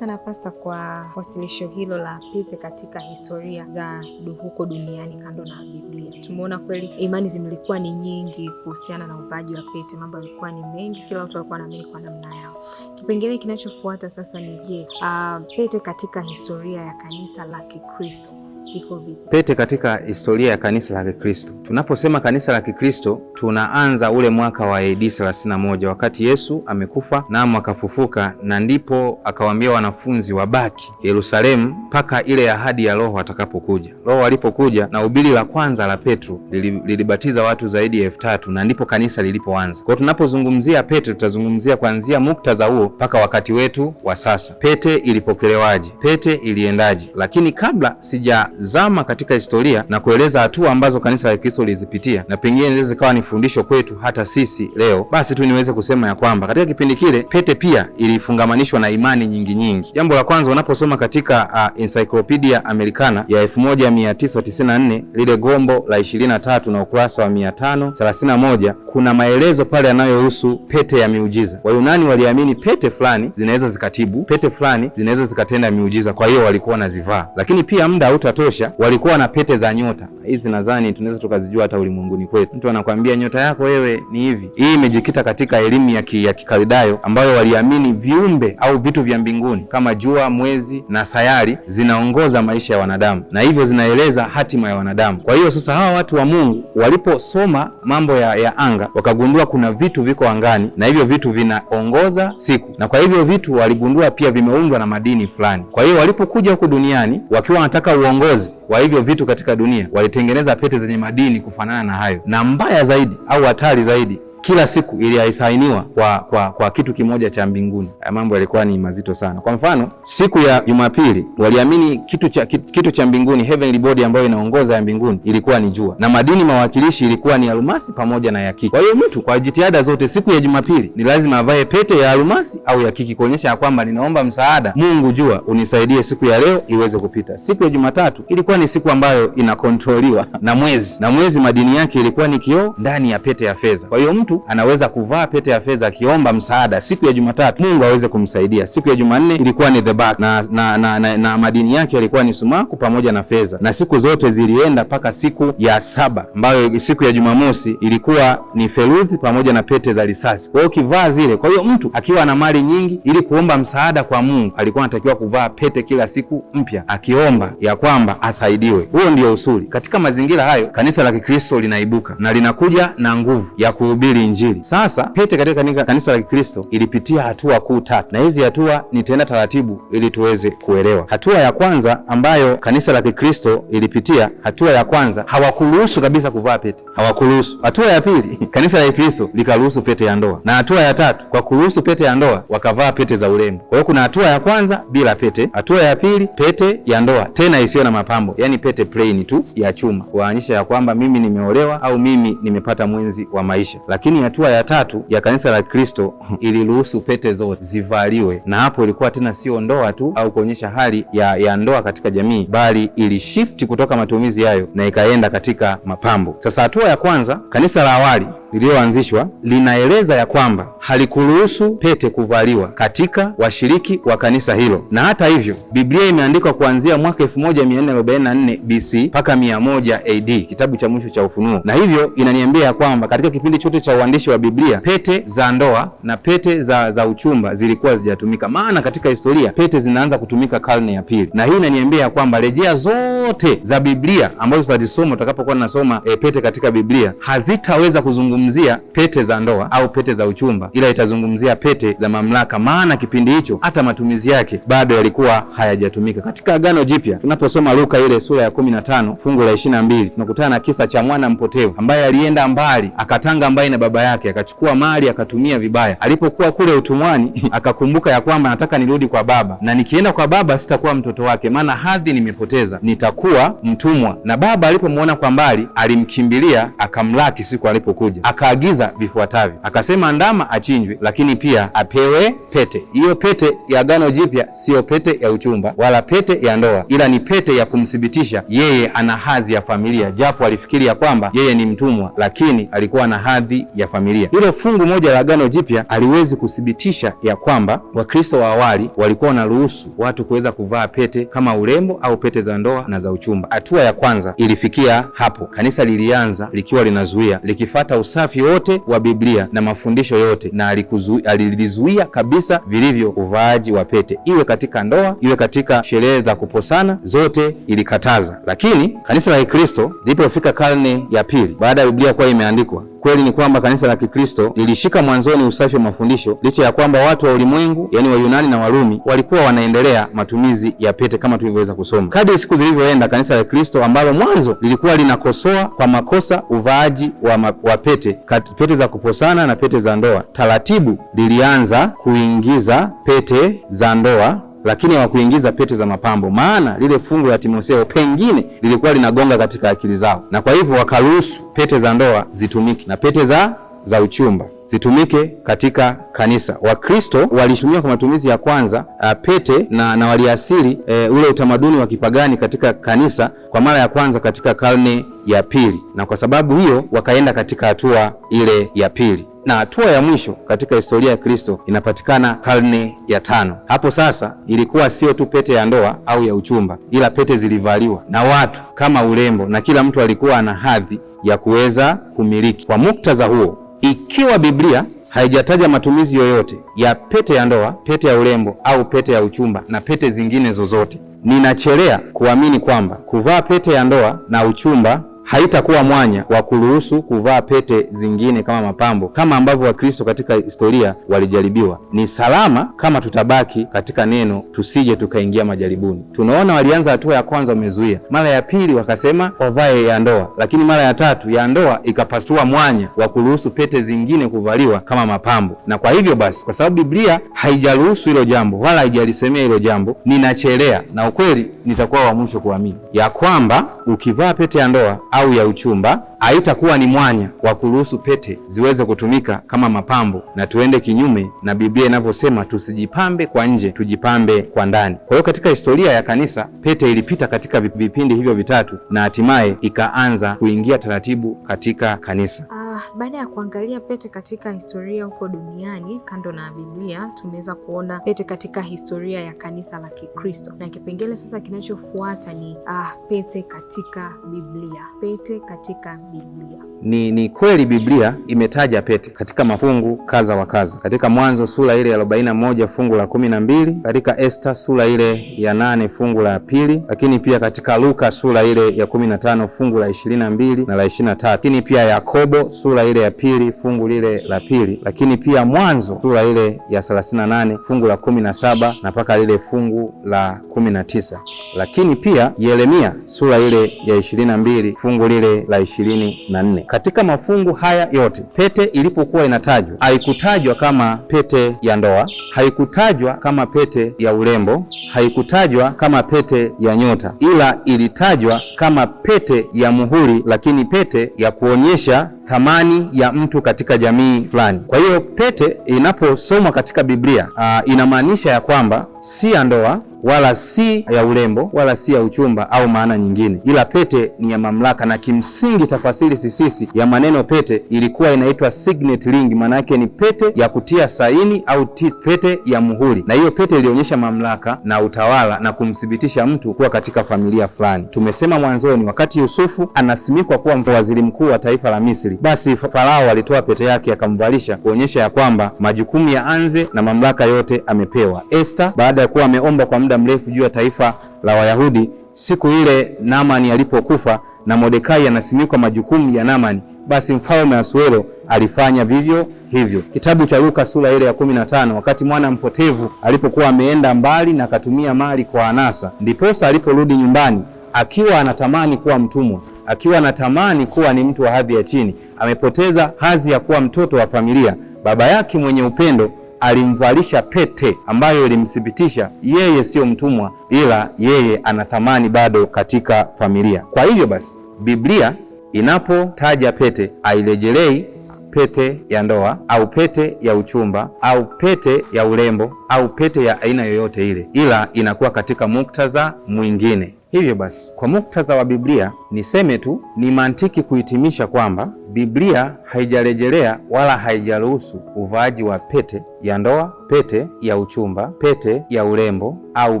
sana Pasta kwa wasilisho hilo la pete katika historia za huko duniani kando na Biblia. Tumeona kweli imani zilikuwa ni nyingi kuhusiana na uvaaji wa pete, mambo yalikuwa ni mengi, kila watu alikuwa anaamini kwa namna yao. Kipengele kinachofuata sasa ni je, uh, ah, pete katika historia ya kanisa la Kikristo iko vipi? Pete katika historia ya kanisa la Kikristo, tunaposema kanisa la Kikristo tunaanza ule mwaka wa AD 31 wakati Yesu amekufa na akafufuka, na ndipo akawaambia wanafunzi wabaki Yerusalemu mpaka ile ahadi ya Roho atakapokuja. Roho alipokuja na ubili la kwanza la Petro lilibatiza watu zaidi ya elfu tatu na ndipo kanisa lilipoanza. Kwa tunapozungumzia pete, tutazungumzia kuanzia muktadha huo mpaka wakati wetu wa sasa. Pete ilipokelewaje? Pete iliendaje? Lakini kabla sija zama katika historia na kueleza hatua ambazo kanisa la Kikristo lilizipitia na pengine inaweza zikawa ni fundisho kwetu hata sisi leo, basi tu niweze kusema ya kwamba katika kipindi kile pete pia ilifungamanishwa na imani nyingi nyingi. Jambo la kwanza, unaposoma katika uh, Encyclopedia Americana ya 1994 lile gombo la 23 na ukurasa wa 531 kuna maelezo pale yanayohusu pete ya miujiza. Wayunani waliamini pete fulani zinaweza zikatibu, pete fulani zinaweza zikatenda miujiza, kwa hiyo walikuwa wanazivaa, lakini pia muda hautatoa kuchekesha, walikuwa na pete za nyota. Hizi nadhani tunaweza tukazijua hata ulimwenguni kwetu. Mtu anakwambia nyota yako wewe ni hivi. Hii imejikita katika elimu ya, ki, ya kikaridayo ambayo waliamini viumbe au vitu vya mbinguni kama jua, mwezi na sayari zinaongoza maisha ya wanadamu na hivyo zinaeleza hatima ya wanadamu. Kwa hiyo sasa hawa watu wa Mungu waliposoma mambo ya, ya anga wakagundua kuna vitu viko angani na hivyo vitu vinaongoza siku, na kwa hivyo vitu waligundua pia vimeundwa na madini fulani. Kwa hiyo walipokuja huku duniani wakiwa wanataka uongozi viongozi wa hivyo vitu katika dunia walitengeneza pete zenye madini kufanana na hayo, na mbaya zaidi au hatari zaidi kila siku ili aisainiwa kwa, kwa, kwa kitu kimoja cha mbinguni. Haya mambo yalikuwa ni mazito sana. Kwa mfano, siku ya Jumapili waliamini kitu cha, kitu cha mbinguni heavenly body ambayo inaongoza ya mbinguni ilikuwa ni jua, na madini mawakilishi ilikuwa ni almasi pamoja na yakiki. Kwa hiyo mtu kwa jitihada zote, siku ya Jumapili ni lazima avae pete ya almasi au yakiki, kuonyesha ya kwamba ninaomba msaada, Mungu jua unisaidie siku ya leo iweze kupita. Siku ya Jumatatu ilikuwa ni siku ambayo inakontroliwa na mwezi, na mwezi madini yake ilikuwa ni kioo ndani ya pete ya fedha. Kwa hiyo mtu mtu anaweza kuvaa pete ya fedha akiomba msaada siku ya Jumatatu, Mungu aweze kumsaidia. Siku ya Jumanne ilikuwa ni dhabihu na, na, na, na, na madini yake yalikuwa ni sumaku pamoja na fedha, na siku zote zilienda mpaka siku ya saba ambayo siku ya Jumamosi ilikuwa ni feruthi pamoja na pete za risasi. Kwa hiyo ukivaa zile, kwa hiyo mtu akiwa ana mali nyingi, ili kuomba msaada kwa Mungu alikuwa anatakiwa kuvaa pete kila siku mpya, akiomba ya kwamba asaidiwe. Huo ndio usuli. Katika mazingira hayo, kanisa la Kikristo linaibuka na linakuja na nguvu ya kuhubiri kuhubiri Injili. Sasa Pete katika kanisa la Kikristo ilipitia hatua kuu tatu, na hizi hatua nitaenda taratibu ili tuweze kuelewa. Hatua ya kwanza ambayo kanisa la Kikristo ilipitia, hatua ya kwanza hawakuruhusu kabisa kuvaa pete, hawakuruhusu. Hatua ya pili kanisa la Kikristo likaruhusu pete ya ndoa, na hatua ya tatu kwa kuruhusu pete ya ndoa wakavaa pete za urembo. Kwa hiyo kuna hatua ya kwanza bila pete, hatua ya pili pete ya ndoa tena isiyo na mapambo, yani pete plain tu ya chuma, kuonyesha ya kwamba mimi nimeolewa au mimi nimepata mwenzi wa maisha, lakini lakini hatua ya tatu ya kanisa la Kristo iliruhusu pete zote zivaliwe, na hapo ilikuwa tena sio ndoa tu au kuonyesha hali ya, ya ndoa katika jamii, bali ilishifti kutoka matumizi hayo na ikaenda katika mapambo. Sasa hatua ya kwanza kanisa la awali lililoanzishwa linaeleza ya kwamba halikuruhusu pete kuvaliwa katika washiriki wa kanisa hilo, na hata hivyo Biblia imeandikwa kuanzia mwaka 1444 BC mpaka 100 AD, kitabu cha mwisho cha Ufunuo, na hivyo inaniambia ya kwamba katika kipindi chote cha uandishi wa Biblia pete za ndoa na pete za, za uchumba zilikuwa zijatumika, maana katika historia pete zinaanza kutumika karne ya pili, na hii inaniambia ya kwamba rejea zote za Biblia ambazo tutazisoma tutakapokuwa tunasoma e, pete katika Biblia hazitaweza kuzungumza itazungumzia pete za ndoa au pete za uchumba, ila itazungumzia pete za mamlaka, maana kipindi hicho hata matumizi yake bado yalikuwa hayajatumika. Katika Agano Jipya tunaposoma Luka ile sura ya kumi na tano fungu la ishirini na mbili tunakutana na kisa cha mwana mpotevu ambaye alienda mbali akatanga mbali na baba yake, akachukua mali akatumia vibaya. Alipokuwa kule utumwani akakumbuka ya kwamba nataka nirudi kwa baba, na nikienda kwa baba sitakuwa mtoto wake, maana hadhi nimepoteza, nitakuwa mtumwa. Na baba alipomwona kwa mbali alimkimbilia akamlaki siku alipokuja akaagiza vifuatavyo, akasema ndama achinjwe, lakini pia apewe pete. Hiyo pete ya agano jipya siyo pete ya uchumba wala pete ya ndoa, ila ni pete ya kumthibitisha yeye ana hadhi ya familia. Japo alifikiri ya kwamba yeye ni mtumwa, lakini alikuwa na hadhi ya familia. Hilo fungu moja la agano jipya aliwezi kuthibitisha ya kwamba Wakristo wa awali walikuwa wanaruhusu watu kuweza kuvaa pete kama urembo au pete za ndoa na za uchumba. Hatua ya kwanza ilifikia hapo, kanisa lilianza likiwa linazuia, likifata usa usafi wote wa Biblia na mafundisho yote, na alilizuia kabisa vilivyo uvaaji wa pete, iwe katika ndoa, iwe katika sherehe za kuposana, zote ilikataza. Lakini kanisa la Kikristo lilipofika karne ya pili baada ya Biblia kuwa imeandikwa Kweli ni kwamba kanisa la Kikristo lilishika mwanzoni usafi wa mafundisho licha ya kwamba watu wa ulimwengu, yaani Wayunani na Warumi, walikuwa wanaendelea matumizi ya pete kama tulivyoweza kusoma. Kadri siku zilivyoenda, kanisa la Kristo ambalo mwanzo lilikuwa linakosoa kwa makosa uvaaji wa, ma, wa pete kati pete za kuposana na pete za ndoa, taratibu lilianza kuingiza pete za ndoa lakini hawakuingiza pete za mapambo, maana lile fungu la Timotheo pengine lilikuwa linagonga katika akili zao, na kwa hivyo wakaruhusu pete za ndoa zitumike na pete za za uchumba zitumike katika kanisa. Wakristo walitumia kwa matumizi ya kwanza a, uh, pete na, na waliasili e, ule utamaduni wa kipagani katika kanisa kwa mara ya kwanza katika karne ya pili, na kwa sababu hiyo wakaenda katika hatua ile ya pili na hatua ya mwisho katika historia ya Kristo inapatikana karne ya tano. Hapo sasa ilikuwa sio tu pete ya ndoa au ya uchumba, ila pete zilivaliwa na watu kama urembo, na kila mtu alikuwa ana hadhi ya kuweza kumiliki. Kwa muktadha huo, ikiwa Biblia haijataja matumizi yoyote ya pete ya ndoa, pete ya urembo au pete ya uchumba na pete zingine zozote, ninachelea kuamini kwamba kuvaa pete ya ndoa na uchumba haitakuwa mwanya wa kuruhusu kuvaa pete zingine kama mapambo, kama ambavyo Wakristo katika historia walijaribiwa. Ni salama kama tutabaki katika neno, tusije tukaingia majaribuni. Tunaona walianza hatua ya kwanza, wamezuia, mara ya pili wakasema wavae ya ndoa, lakini mara ya tatu ya ndoa ikapatua mwanya wa kuruhusu pete zingine kuvaliwa kama mapambo. Na kwa hivyo basi, kwa sababu Biblia haijaruhusu hilo jambo wala haijalisemea hilo jambo, ninachelea na ukweli nitakuwa wa mwisho kuamini ya kwamba ukivaa pete ya ndoa au ya uchumba haitakuwa ni mwanya wa kuruhusu pete ziweze kutumika kama mapambo, na tuende kinyume na Biblia inavyosema tusijipambe kwa nje, tujipambe kwa ndani. Kwa hiyo katika historia ya kanisa pete ilipita katika vipindi hivyo vitatu na hatimaye ikaanza kuingia taratibu katika kanisa. Ah. Uh, baada ya kuangalia pete katika historia huko duniani kando na Biblia, tumeweza kuona pete katika historia ya kanisa la Kikristo, na kipengele sasa kinachofuata ni uh, pete katika Biblia. Pete katika Biblia ni, ni kweli Biblia imetaja pete katika mafungu kadha wa kadha, katika Mwanzo sura ile ya 41 fungu la 12, katika Esta sura ile ya 8 fungu la pili, lakini pia katika Luka sura ile ya 15 fungu la 22 na la 23, lakini pia Yakobo sura ile ya pili fungu lile la pili, lakini pia Mwanzo sura ile ya 38 fungu la 17 na mpaka lile fungu la 19, lakini pia Yeremia sura ile ya 22 fungu lile la 24. Katika mafungu haya yote pete ilipokuwa inatajwa haikutajwa kama pete ya ndoa, haikutajwa kama pete ya urembo, haikutajwa kama pete ya nyota, ila ilitajwa kama pete ya muhuri, lakini pete ya kuonyesha thamani ya mtu katika jamii fulani. Kwa hiyo pete inaposomwa katika Biblia, uh, inamaanisha ya kwamba si ya ndoa wala si ya urembo wala si ya uchumba au maana nyingine, ila pete ni ya mamlaka. Na kimsingi tafasiri sisisi ya maneno pete ilikuwa inaitwa signet ring, maana yake ni pete ya kutia saini au pete ya muhuri, na hiyo pete ilionyesha mamlaka na utawala na kumthibitisha mtu kuwa katika familia fulani. Tumesema mwanzoni, wakati Yusufu anasimikwa kuwa waziri mkuu wa taifa la Misri, basi Farao alitoa pete yake akamvalisha kuonyesha ya kwamba majukumu ya anze na mamlaka yote amepewa. Esther baada ya kuwa ameomba kwa muda mrefu juu ya taifa la Wayahudi. Siku ile Namani alipokufa na Mordekai anasimikwa majukumu ya Namani, basi mfalme Asuero alifanya vivyo hivyo. Kitabu cha Luka sura ile ya kumi na tano. Wakati mwana mpotevu alipokuwa ameenda mbali na akatumia mali kwa anasa, ndiposa aliporudi nyumbani akiwa anatamani kuwa mtumwa, akiwa anatamani kuwa ni mtu wa hadhi ya chini, amepoteza hadhi ya kuwa mtoto wa familia. Baba yake mwenye upendo alimvalisha pete ambayo ilimthibitisha yeye siyo mtumwa, ila yeye ana thamani bado katika familia. Kwa hivyo basi, Biblia inapotaja pete airejelei pete ya ndoa au pete ya uchumba au pete ya urembo au pete ya aina yoyote ile, ila inakuwa katika muktadha mwingine. Hivyo basi, kwa muktadha wa Biblia Niseme tu ni mantiki kuhitimisha kwamba Biblia haijarejelea wala haijaruhusu uvaaji wa pete ya ndoa, pete ya uchumba, pete ya urembo au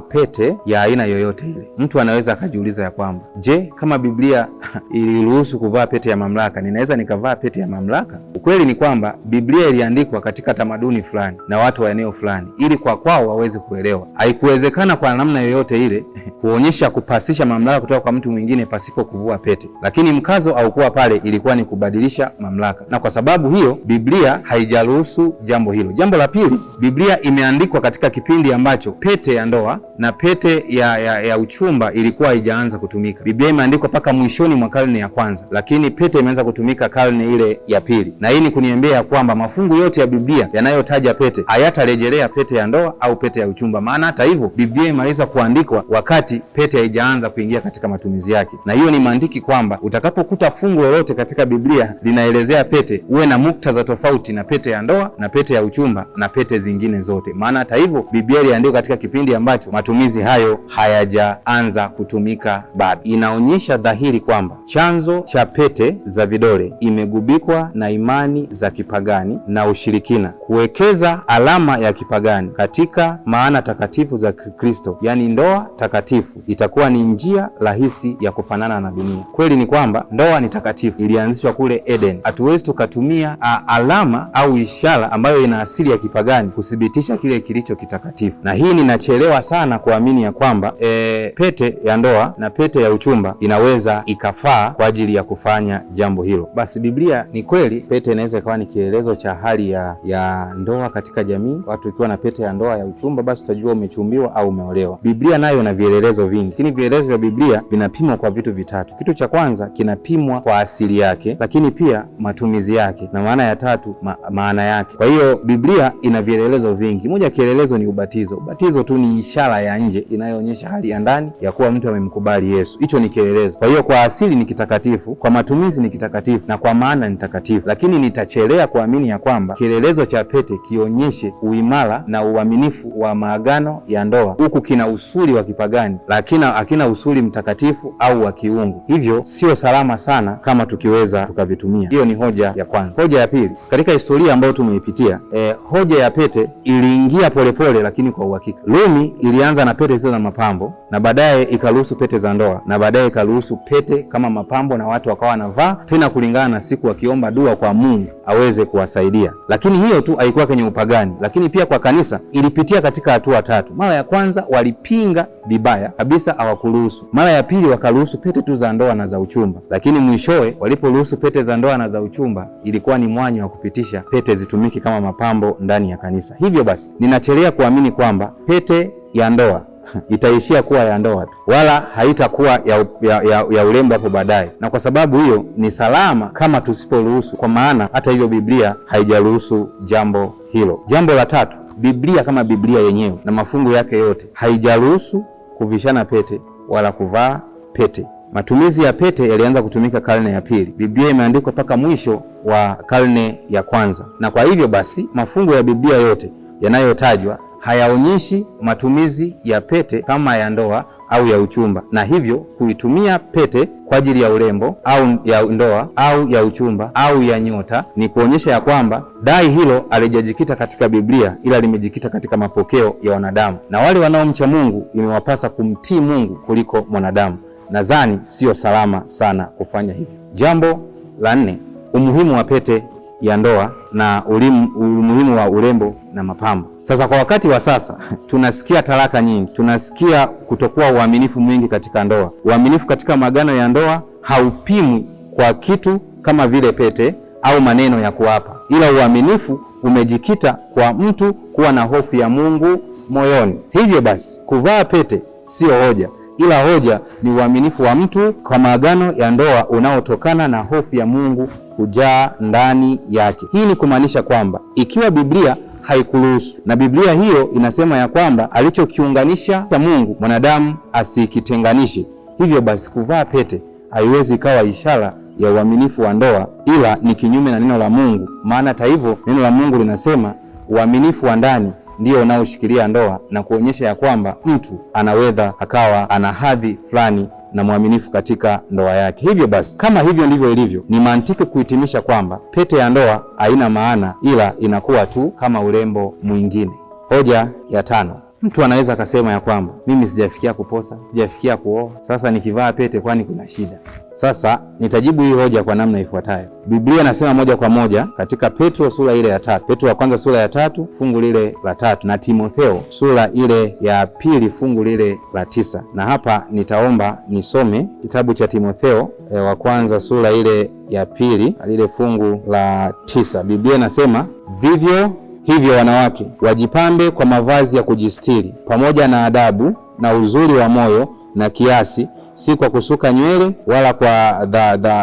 pete ya aina yoyote ile. Mtu anaweza akajiuliza ya kwamba je, kama Biblia iliruhusu kuvaa pete ya mamlaka, ninaweza nikavaa pete ya mamlaka? Ukweli ni kwamba Biblia iliandikwa katika tamaduni fulani na watu wa eneo fulani, ili kwa kwao waweze kuelewa. Haikuwezekana kwa namna yoyote ile kuonyesha kupasisha mamlaka kutoka kwa mtu mwingine pasipo kuvua pete, lakini mkazo aukuwa pale, ilikuwa ni kubadilisha mamlaka, na kwa sababu hiyo Biblia haijaruhusu jambo hilo. Jambo la pili, Biblia imeandikwa katika kipindi ambacho pete ya ndoa na pete ya, ya, ya uchumba ilikuwa haijaanza kutumika. Biblia imeandikwa mpaka mwishoni mwa karne ya kwanza, lakini pete imeanza kutumika karne ile ya pili, na hii ni kuniambia ya kwamba mafungu yote ya Biblia yanayotaja pete hayatarejelea pete ya ndoa au pete ya uchumba. Maana hata hivyo Biblia imaliza kuandikwa wakati pete haijaanza kuingia katika matumizi yake, na hiyo ni maandiki kwamba utakapokuta fungu lolote katika Biblia linaelezea pete, uwe na muktadha tofauti na pete ya ndoa na pete ya uchumba na pete zingine zote, maana hata hivyo Biblia iliandikwa katika kipindi ambacho matumizi hayo hayajaanza kutumika bado. Inaonyesha dhahiri kwamba chanzo cha pete za vidole imegubikwa na imani za kipagani na ushirikina, kuwekeza alama ya kipagani katika maana takatifu za Kikristo, yaani ndoa takatifu itakuwa ni njia rahisi ya kufanana na dunia. Kweli ni kwamba ndoa ni takatifu, ilianzishwa kule Eden. Hatuwezi tukatumia alama au ishara ambayo ina asili ya kipagani kuthibitisha kile kilicho kitakatifu, na hii ninachelewa sana kuamini ya kwamba e, pete ya ndoa na pete ya uchumba inaweza ikafaa kwa ajili ya kufanya jambo hilo. Basi Biblia ni kweli, pete inaweza ikawa ni kielelezo cha hali ya, ya ndoa katika jamii. Watu ukiwa na pete ya ndoa ya uchumba, basi utajua umechumbiwa au umeolewa. Biblia nayo ina vielelezo vingi, lakini vielelezo vya Biblia vinapimwa kwa vitu vitatu tatu. Kitu cha kwanza kinapimwa kwa asili yake, lakini pia matumizi yake, na maana ya tatu ma maana yake. Kwa hiyo Biblia ina vielelezo vingi. Moja ya kielelezo ni ubatizo. Ubatizo tu ni ishara ya nje inayoonyesha hali ya ndani ya kuwa mtu amemkubali Yesu. Hicho ni kielelezo. Kwa hiyo kwa asili ni kitakatifu, kwa matumizi ni kitakatifu, na kwa maana ni takatifu, lakini nitachelea kuamini ya kwamba kielelezo cha pete kionyeshe uimara na uaminifu wa maagano ya ndoa, huku kina usuli wa kipagani, lakini hakina usuli mtakatifu au wa kiungu hivyo sio salama sana kama tukiweza tukavitumia. Hiyo ni hoja ya kwanza. Hoja ya pili, katika historia ambayo tumeipitia, eh, hoja ya pete iliingia polepole, lakini kwa uhakika. lumi ilianza na pete zile na mapambo na baadaye ikaruhusu pete za ndoa na baadaye ikaruhusu pete kama mapambo, na watu wakawa wanavaa tena kulingana na siku, wakiomba dua kwa Mungu aweze kuwasaidia. Lakini hiyo tu haikuwa kwenye upagani, lakini pia kwa kanisa ilipitia katika hatua tatu. Mara ya kwanza walipinga vibaya kabisa, hawakuruhusu. Mara ya pili wakaruhusu pete tu za za ndoa na za uchumba, lakini mwishowe waliporuhusu pete za ndoa na za uchumba, ilikuwa ni mwanya wa kupitisha pete zitumike kama mapambo ndani ya kanisa. Hivyo basi, ninachelea kuamini kwamba pete ya ndoa itaishia kuwa ya ndoa tu wala haitakuwa ya, ya, ya, ya urembo hapo baadaye, na kwa sababu hiyo ni salama kama tusiporuhusu, kwa maana hata hivyo Biblia haijaruhusu jambo hilo. Jambo la tatu, Biblia kama Biblia yenyewe na mafungu yake yote haijaruhusu kuvishana pete wala kuvaa pete. Matumizi ya pete yalianza kutumika karne ya pili. Biblia imeandikwa mpaka mwisho wa karne ya kwanza, na kwa hivyo basi mafungo ya Biblia yote yanayotajwa hayaonyeshi matumizi ya pete kama ya ndoa au ya uchumba, na hivyo kuitumia pete kwa ajili ya urembo au ya ndoa au ya uchumba au ya nyota ni kuonyesha ya kwamba dai hilo alijajikita katika Biblia, ila limejikita katika mapokeo ya wanadamu, na wale wanaomcha Mungu imewapasa kumtii Mungu kuliko mwanadamu nadhani sio salama sana kufanya hivyo. Jambo la nne, umuhimu wa pete ya ndoa na ulimu, umuhimu wa urembo na mapambo. Sasa kwa wakati wa sasa tunasikia talaka nyingi, tunasikia kutokuwa uaminifu mwingi katika ndoa. Uaminifu katika magano ya ndoa haupimwi kwa kitu kama vile pete au maneno ya kuapa, ila uaminifu umejikita kwa mtu kuwa na hofu ya Mungu moyoni. Hivyo basi kuvaa pete sio hoja, ila hoja ni uaminifu wa mtu kwa maagano ya ndoa unaotokana na hofu ya Mungu kujaa ndani yake. Hii ni kumaanisha kwamba ikiwa Biblia haikuruhusu na Biblia hiyo inasema ya kwamba alichokiunganisha cha Mungu mwanadamu asikitenganishe, hivyo basi kuvaa pete haiwezi ikawa ishara ya uaminifu wa ndoa, ila ni kinyume na neno la Mungu. Maana hata hivyo neno la Mungu linasema uaminifu wa ndani ndio unaoshikilia ndoa na kuonyesha ya kwamba mtu anaweza akawa ana hadhi fulani na mwaminifu katika ndoa yake. Hivyo basi, kama hivyo ndivyo ilivyo, ni mantiki kuhitimisha kwamba pete ya ndoa haina maana, ila inakuwa tu kama urembo mwingine. Hoja ya tano. Mtu anaweza akasema ya kwamba mimi sijafikia kuposa, sijafikia kuoa, sasa nikivaa pete kwani kuna shida? Sasa nitajibu hii hoja kwa namna ifuatayo. Biblia inasema moja kwa moja katika Petro sura ile ya tatu, Petro wa kwanza sura ya tatu fungu lile la tatu na Timotheo sura ile ya pili fungu lile la tisa na hapa nitaomba nisome kitabu cha Timotheo e, wa kwanza sura ile ya pili lile fungu la tisa. Biblia inasema vivyo Hivyo wanawake wajipambe kwa mavazi ya kujistiri pamoja na adabu na uzuri wa moyo na kiasi, si kwa kusuka nywele wala kwa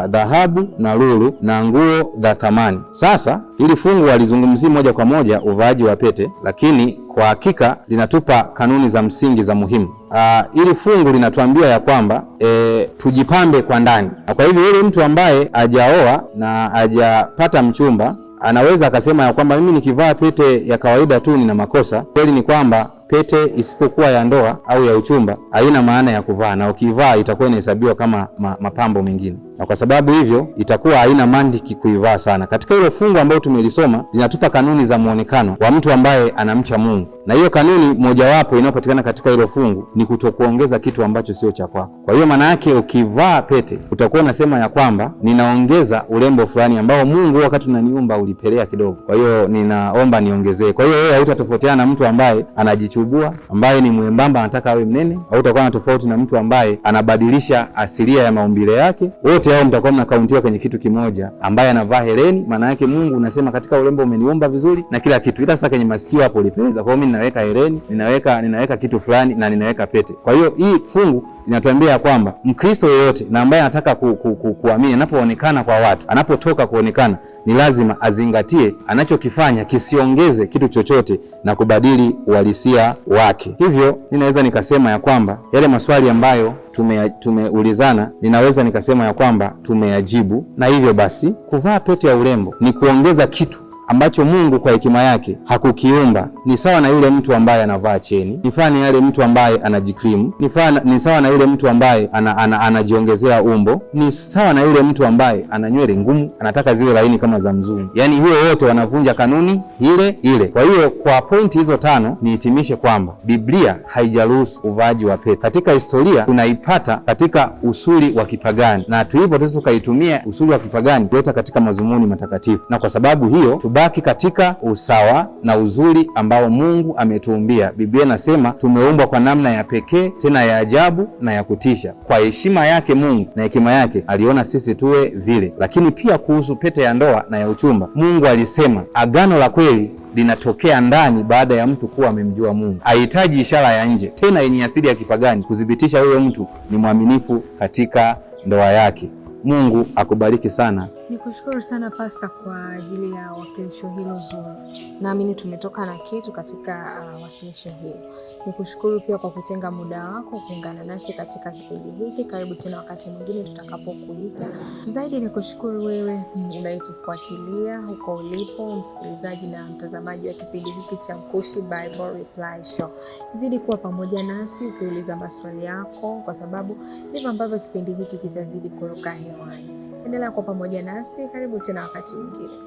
dhahabu dha, dha na lulu na nguo za thamani. Sasa hili fungu halizungumzii moja kwa moja uvaaji wa pete, lakini kwa hakika linatupa kanuni za msingi za muhimu. Hili ah, fungu linatuambia ya kwamba e, tujipambe kwa ndani. Kwa hivyo yule mtu ambaye hajaoa na hajapata mchumba anaweza akasema ya kwamba mimi nikivaa pete ya kawaida tu nina makosa. Kweli ni kwamba pete isipokuwa ya ndoa au ya uchumba haina maana ya kuvaa, na ukivaa itakuwa inahesabiwa kama ma, mapambo mengine, na kwa sababu hivyo itakuwa haina mandiki kuivaa sana. Katika hilo fungu ambayo tumelisoma linatupa kanuni za muonekano wa mtu ambaye anamcha Mungu, na hiyo kanuni mojawapo inayopatikana katika hilo fungu ni kutokuongeza kitu ambacho sio cha kwako. Kwa hiyo maana yake ukivaa pete utakuwa unasema ya kwamba ninaongeza urembo fulani ambao Mungu wakati unaniumba ulipelea kidogo, kwa hiyo ninaomba niongezee. Kwa hiyo wewe hautatofautiana na mtu ambaye anaji anachubua, ambaye ni mwembamba anataka awe mnene, au utakuwa na tofauti na mtu ambaye anabadilisha asilia ya maumbile yake. Wote hao mtakuwa mnakauntiwa kwenye kitu kimoja, ambaye anavaa hereni. Maana yake Mungu unasema katika urembo umeniumba vizuri na kila kitu, ila sasa kwenye masikio hapo ulipeleza. Kwa hiyo mimi ninaweka hereni, ninaweka ninaweka kitu fulani na ninaweka pete. Kwa hiyo hii fungu inatuambia kwamba Mkristo yeyote na ambaye anataka ku, ku, ku, kuamini, anapoonekana kwa watu, anapotoka kuonekana, ni lazima azingatie anachokifanya kisiongeze kitu chochote na kubadili uhalisia wake. Hivyo ninaweza nikasema ya kwamba yale maswali ambayo tumeulizana tume, ninaweza nikasema ya kwamba tumeyajibu, na hivyo basi kuvaa pete ya urembo ni kuongeza kitu ambacho Mungu kwa hekima yake hakukiumba ni sawa na yule mtu ambaye anavaa cheni, ni sawa na yule mtu ambaye anajikrimu, ni sawa na yule mtu ambaye anajiongezea umbo, ni sawa na yule mtu ambaye ana nywele ngumu, anataka ziwe laini kama za mzungu. Yaani huyo wote wanavunja kanuni ile ile. Kwa hiyo kwa pointi hizo tano nihitimishe kwamba Biblia haijaruhusu uvaaji wa pete. Katika historia tunaipata katika usuli wa kipagani, na tulipo tukaitumia usuli wa kipagani kuleta katika mazumuni matakatifu, na kwa sababu hiyo tubaki katika usawa na uzuri ambao Mungu ametuumbia. Biblia inasema tumeumbwa kwa namna ya pekee tena ya ajabu na ya kutisha. Kwa heshima yake Mungu na hekima yake aliona sisi tuwe vile. Lakini pia kuhusu pete ya ndoa na ya uchumba, Mungu alisema agano la kweli linatokea ndani baada ya mtu kuwa amemjua Mungu. Haihitaji ishara ya nje tena yenye asili ya kipagani kuthibitisha huyo mtu ni mwaminifu katika ndoa yake. Mungu akubariki sana. Ni kushukuru sana Pasta kwa ajili ya wakilisho hilo zuri. Naamini tumetoka na kitu katika uh, wasilisho hili. Ni kushukuru pia kwa kutenga muda wako kuungana nasi katika kipindi hiki. Karibu tena wakati mwingine tutakapokuita. Zaidi ni kushukuru wewe unayetufuatilia huko ulipo, msikilizaji na mtazamaji wa kipindi hiki cha Mkushi Bible Reply Show. Zidi kuwa pamoja nasi ukiuliza maswali yako, kwa sababu ndivyo ambavyo kipindi hiki kitazidi kuruka hewani. Endelea kwa pamoja nasi. Karibu tena wakati mwingine.